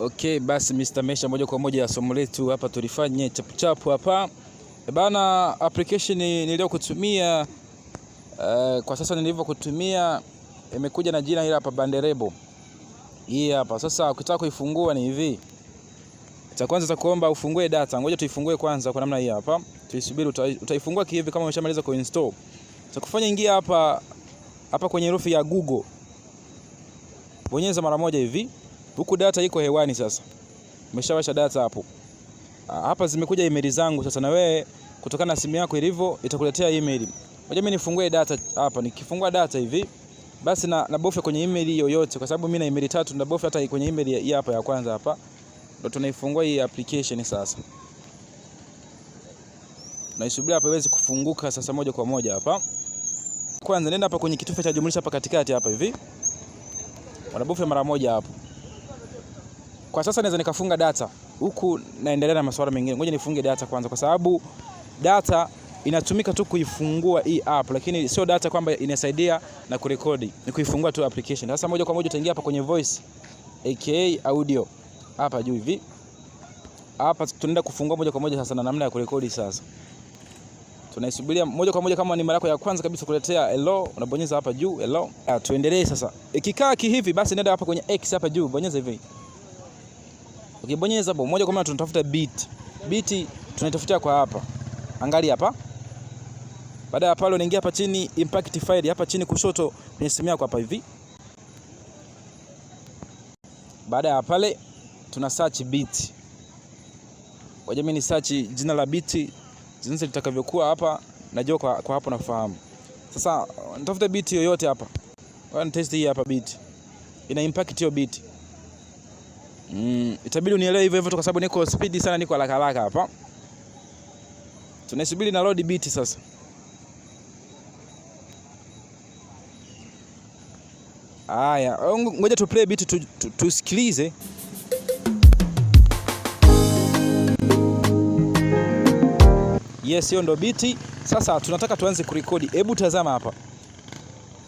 Okay, basi Mr. Mesha, moja kwa moja somo letu hapa tulifanye chapuchapu hapa eh, bana. Application niliyokutumia uh, kwa sasa nilivyokutumia imekuja na jina hili hapa Banderebo, hii hapa sasa. Ukitaka kuifungua ni hivi, cha kwanza za kuomba ufungue data. Ngoja tuifungue kwanza kwa namna hii hapa, tuisubiri. Utaifungua kihivi kama umeshamaliza kuinstall. Cha kufanya, ingia hapa hapa kwenye herufi ya Google, bonyeza mara moja hivi Huku data iko hewani sasa. Umeshawasha data hapo. Ah, hapa zimekuja email zangu sasa na wewe kutokana na simu yako ilivyo itakuletea email. Ngoja mimi nifungue data hapa. Nikifungua data hivi basi na, nabofya kwenye email yoyote kwa sababu mimi na email tatu nabofya hata kwenye email hii hapa ya kwanza hapa. Ndio tunaifungua hii application sasa. Naisubiri hapa iweze kufunguka sasa moja kwa moja hapa. Kwanza nenda hapa kwenye kitufe cha jumlisha hapa katikati hapa hivi. Wanabofya mara moja hapo. Kwa sasa naweza nikafunga data huku naendelea na masuala mengine. Ngoja nifunge data kwanza, kwa sababu data inatumika tu kuifungua hii app, lakini sio data kwamba inasaidia na kurekodi, ni kuifungua tu application. Sasa moja kwa moja utaingia hapa kwenye voice aka audio hapa juu hivi hapa tunaenda kufungua moja kwa moja sasa na namna ya kurekodi sasa. Tunaisubiria moja kwa moja, kama ni mara yako ya kwanza kabisa kuletea hello, unabonyeza hapa juu hello. Ah, tuendelee sasa, ikikaa kihivi basi nenda hapa kwenye X hapa juu, bonyeza hivi. Ukibonyeza hapo moja kwa moja tunatafuta beat. Beat tunaitafutia kwa hapa. Angalia hapa. Baada ya pale unaingia hapa chini impact file hapa chini kushoto kwenye simu yako hapa hivi. Baada ya pale tuna search beat. Ngoja mimi ni search jina la beat jinsi litakavyokuwa hapa najua kwa, kwa hapo nafahamu. Sasa nitafuta beat yoyote hapa. Ngoja nitest hii hapa beat. Ina impact hiyo beat. Mm, itabidi unielewe hivyo hivyo kwa sababu niko speed sana, niko haraka haraka hapa. Tunasubiri na load beat sasa. Haya, ngoja tu play beat tusikilize tu, tu Yes, hiyo ndo biti. Sasa tunataka tuanze kurekodi. Hebu tazama hapa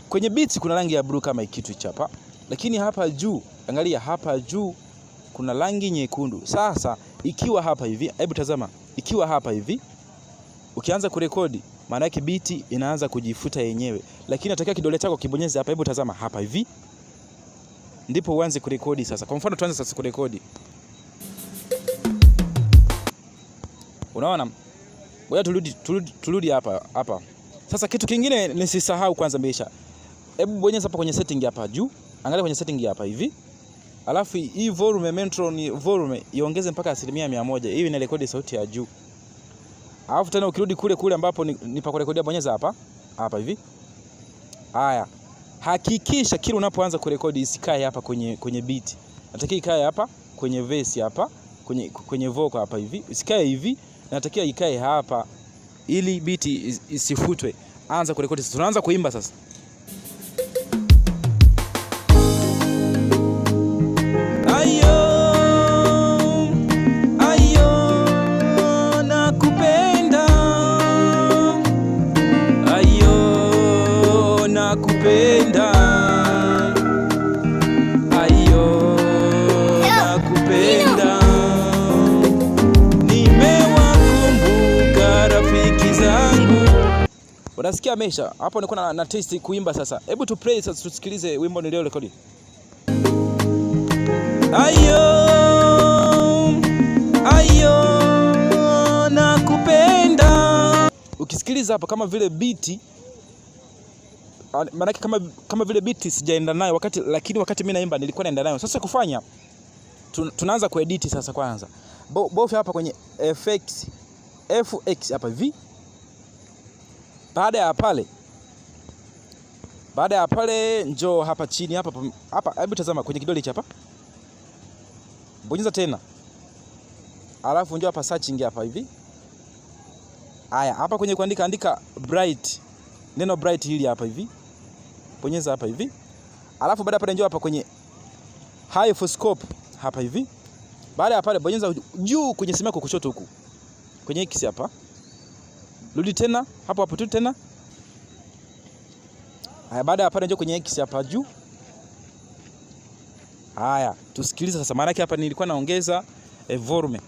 kwenye biti, kuna rangi ya blue kama kitu chapa, lakini hapa juu, angalia hapa juu kuna rangi nyekundu. Sasa ikiwa hapa hivi, hebu tazama, ikiwa hapa hivi ukianza kurekodi maana yake biti inaanza kujifuta yenyewe, lakini natakiwa kidole chako kibonyeze hapa. Hebu tazama hapa hivi, ndipo uanze kurekodi sasa. Kwa mfano, tuanze sasa kurekodi. Unaona, ngoja turudi, turudi, turudi hapa hapa. Sasa kitu kingine nisisahau, kwanza meisha, hebu bonyeza hapa kwenye setting hapa juu, angalia kwenye setting hapa hivi alafu hii volume Mentron volume iongeze mpaka asilimia mia moja hiyo ina rekodi sauti ya juu. Alafu tena ukirudi kule kule ambapo ni, ni pa kurekodia, bonyeza hapa hapa hivi. Haya, hakikisha kila unapoanza kurekodi isikae hapa kwenye kwenye beat, natakiwa ikae hapa kwenye verse hapa kwenye kwenye vocal hapa hivi, isikae hivi, natakia ikae hapa ili beat isifutwe. Anza kurekodi sasa, tunaanza kuimba sasa. Unasikia Mesha? Hapo niko na, na taste kuimba sasa. Hebu tu play sasa tusikilize wimbo nilio rekodi. Ayo ayo nakupenda. Ukisikiliza hapa kama vile beat maanake kama, kama vile beat sijaenda nayo wakati, lakini wakati mimi naimba nilikuwa naenda nayo. Sasa kufanya tunaanza kuedit sasa. Kwanza bofya hapa kwenye FX, FX hapa v baada ya pale baada ya pale njo hapa chini hapa hapa, hebu tazama kwenye kidole hapa, bonyeza tena, alafu njo hapa searching hapa hivi. Haya, hapa kwenye kuandika, andika bright, neno bright hili hapa hivi, bonyeza hapa hivi, alafu baada pale njo hapa kwenye scope hapa hivi. Baada ya pale bonyeza juu kwenye simu yako kushoto huku kwenye X hapa rudi tena hapo hapo tu tena. Haya, baada ya pale njoo kwenye x hapa juu. Haya, tusikilize sasa, maana hapa nilikuwa naongeza e, volume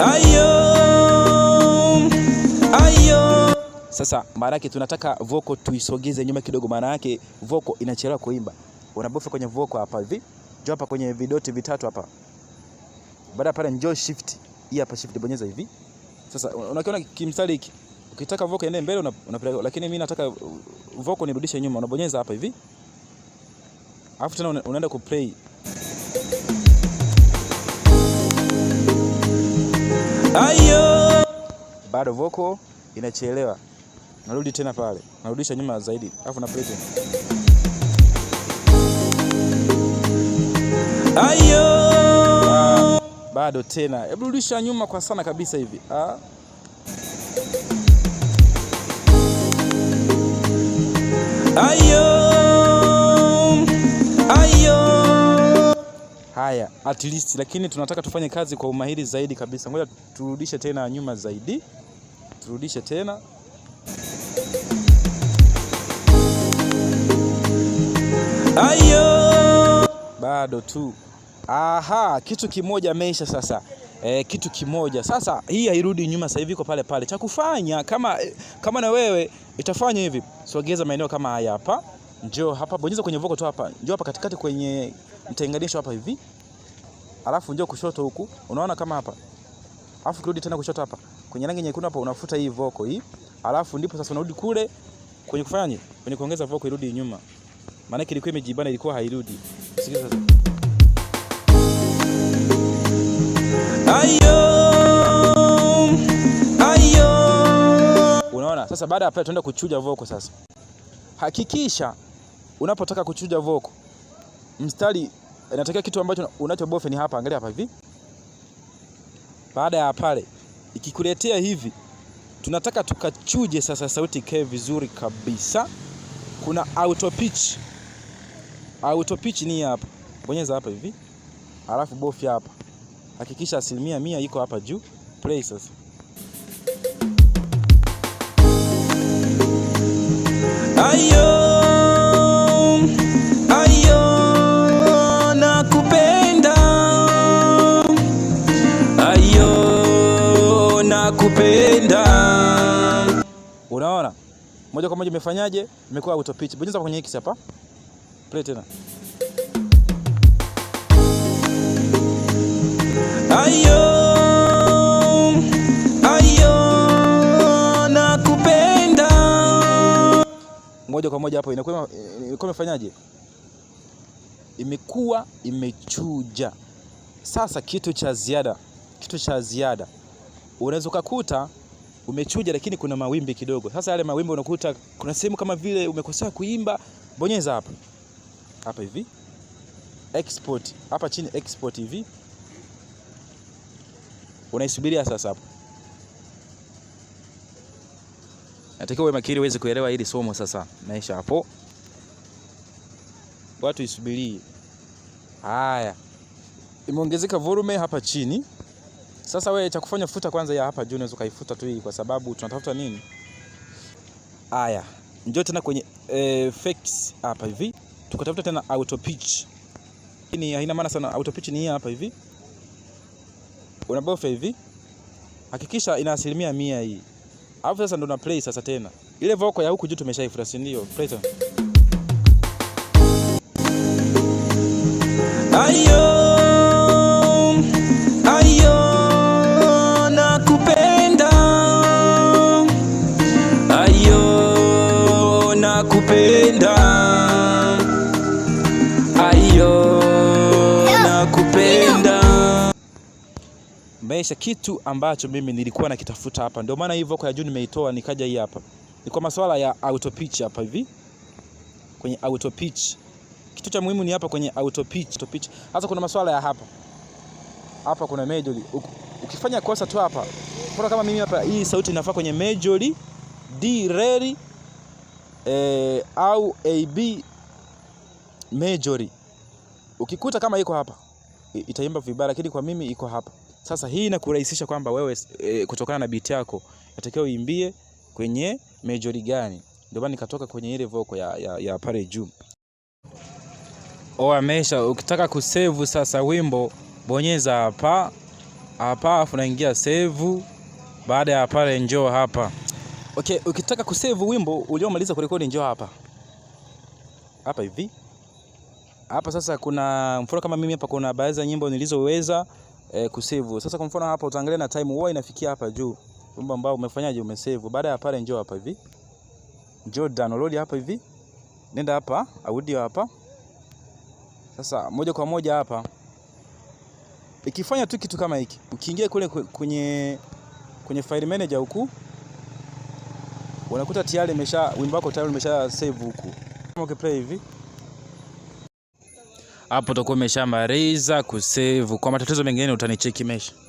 ayo ayo. Sasa maana yake tunataka voko tuisogeze nyuma kidogo, maana yake voko inachelewa kuimba. Unabofya kwenye voko hapa hivi, njoo hapa kwenye vidoti vitatu hapa baada pale njoo shift hii hapa shift bonyeza hivi sasa unakiona kimstari hiki ukitaka voko iende mbele unapeleka lakini mimi nataka voko nirudishe nyuma unabonyeza hapa hivi alafu tena unaenda ku play ayo bado voko inachelewa narudi tena pale narudisha nyuma zaidi alafu na tena ayo bado tena, hebu rudisha nyuma kwa sana kabisa hivi ha? Ah. Ayo, ayo. Haya, at least lakini tunataka tufanye kazi kwa umahiri zaidi kabisa. Ngoja turudishe tena nyuma zaidi, turudishe tena ayo, bado tu Aha, kitu kimoja ameisha sasa. E, kitu kimoja sasa, hii hairudi nyuma, sasa hivi iko pale pale. Cha kufanya kama, eh, kama na wewe itafanya hivi, sogeza maeneo kama haya hapa, njoo hapa, bonyeza kwenye voko tu hapa, njoo hapa katikati kwenye mtenganisho hapa hivi, alafu njoo kushoto huku, unaona kama hapa, alafu kirudi tena kushoto hapa kwenye rangi nyekundu hapa, unafuta hii voko hii, alafu ndipo sasa unarudi kule kwenye kufanya kwenye kuongeza voko, irudi nyuma, maana ilikuwa imejibana, ilikuwa hairudi. Sikiliza sasa Sasa baada ya pale tuende kuchuja voko sasa. Hakikisha unapotaka kuchuja voko mstari inatokea kitu ambacho unachobofya ni hapa, angalia hapa hivi. Baada ya pale ikikuletea hivi, tunataka tukachuje sasa sauti K vizuri kabisa. Kuna auto pitch. Auto pitch ni hapa, bonyeza hapa hivi, alafu bofya hapa. Hakikisha asilimia mia iko hapa juu, play sasa. nakupenda. Ayo, Unaona? Moja kwa moja imefanyaje? Imekuwa auto pitch. Bonyeza kwenye hiki hapa. Play tena. moja kwa moja hapo inakuwa imefanyaje? Imekuwa imechuja. Sasa kitu cha ziada, kitu cha ziada unaweza ukakuta umechuja, lakini kuna mawimbi kidogo. Sasa yale mawimbi unakuta kuna sehemu kama vile umekosea kuimba, bonyeza hapa hapa hivi export, hapa chini export hivi, unaisubiria sasa hapo Natakiwa uwe makini uweze kuelewa hili somo sasa. Naisha hapo. Watu isubirie. Haya. Imeongezeka volume hapa chini. Sasa wewe kufanya futa kwanza ya hapa juu, unaweza tu hii kwa sababu tunatafuta nini? Haya. Njoo tena kwenye eh, hapa hivi. Tukatafuta tena auto pitch. Hii ni haina maana sana. Auto pitch ni hii hapa hivi. Unabofa hivi. Hakikisha ina asilimia mia hii. Alafu sasa ndo na play sasa tena. Ile vocal ya huku juu tumeshaifuta, si ndio? Play tena. Ayo. ayo, nakupenda kuonyesha kitu ambacho mimi nilikuwa nakitafuta hapa. Ndio maana hivyo kwa juu nimeitoa nikaja hii hapa. Ni kwa masuala ya auto pitch hapa hivi. Kwenye auto pitch. Kitu cha muhimu ni hapa kwenye auto pitch, auto pitch. Hasa kuna masuala ya hapa. Hapa kuna major. Ukifanya kosa tu hapa. kuna kama mimi hapa hii sauti inafaa kwenye major D rare eh, au AB major. Ukikuta kama iko hapa itaimba vibaya, lakini kwa mimi iko hapa. Sasa hii inakurahisisha kwamba wewe e, kutokana na beat yako natakiwa uimbie kwenye major gani. Ndio maana nikatoka kwenye ile vocal ya, ya, ya pale juu. Oa oh, mesha, ukitaka kusave sasa wimbo bonyeza hapa hapa, afu naingia save. Baada ya pale njoo hapa okay. Ukitaka kusave wimbo uliomaliza kurekodi njoo hapa hapa hivi hapa sasa, kuna mfano kama mimi hapa, kuna baadhi ya nyimbo nilizoweza eh, kusevu. Sasa kwa mfano hapa utaangalia na time huwa inafikia hapa juu. Kumbe ambao umefanyaje umesevu. Baada ya pale njoo hapa hivi. Njoo download hapa hivi. Nenda hapa audio hapa. Sasa moja kwa moja hapa ikifanya tu kitu kama hiki, ukiingia kule kwenye kwenye file manager huku, unakuta tayari imesha wimbo wako tayari umesha save huku. Kama ukiplay hivi hapo utakuwa umeshamaliza kusevu. Kwa matatizo mengine utanicheki mesha.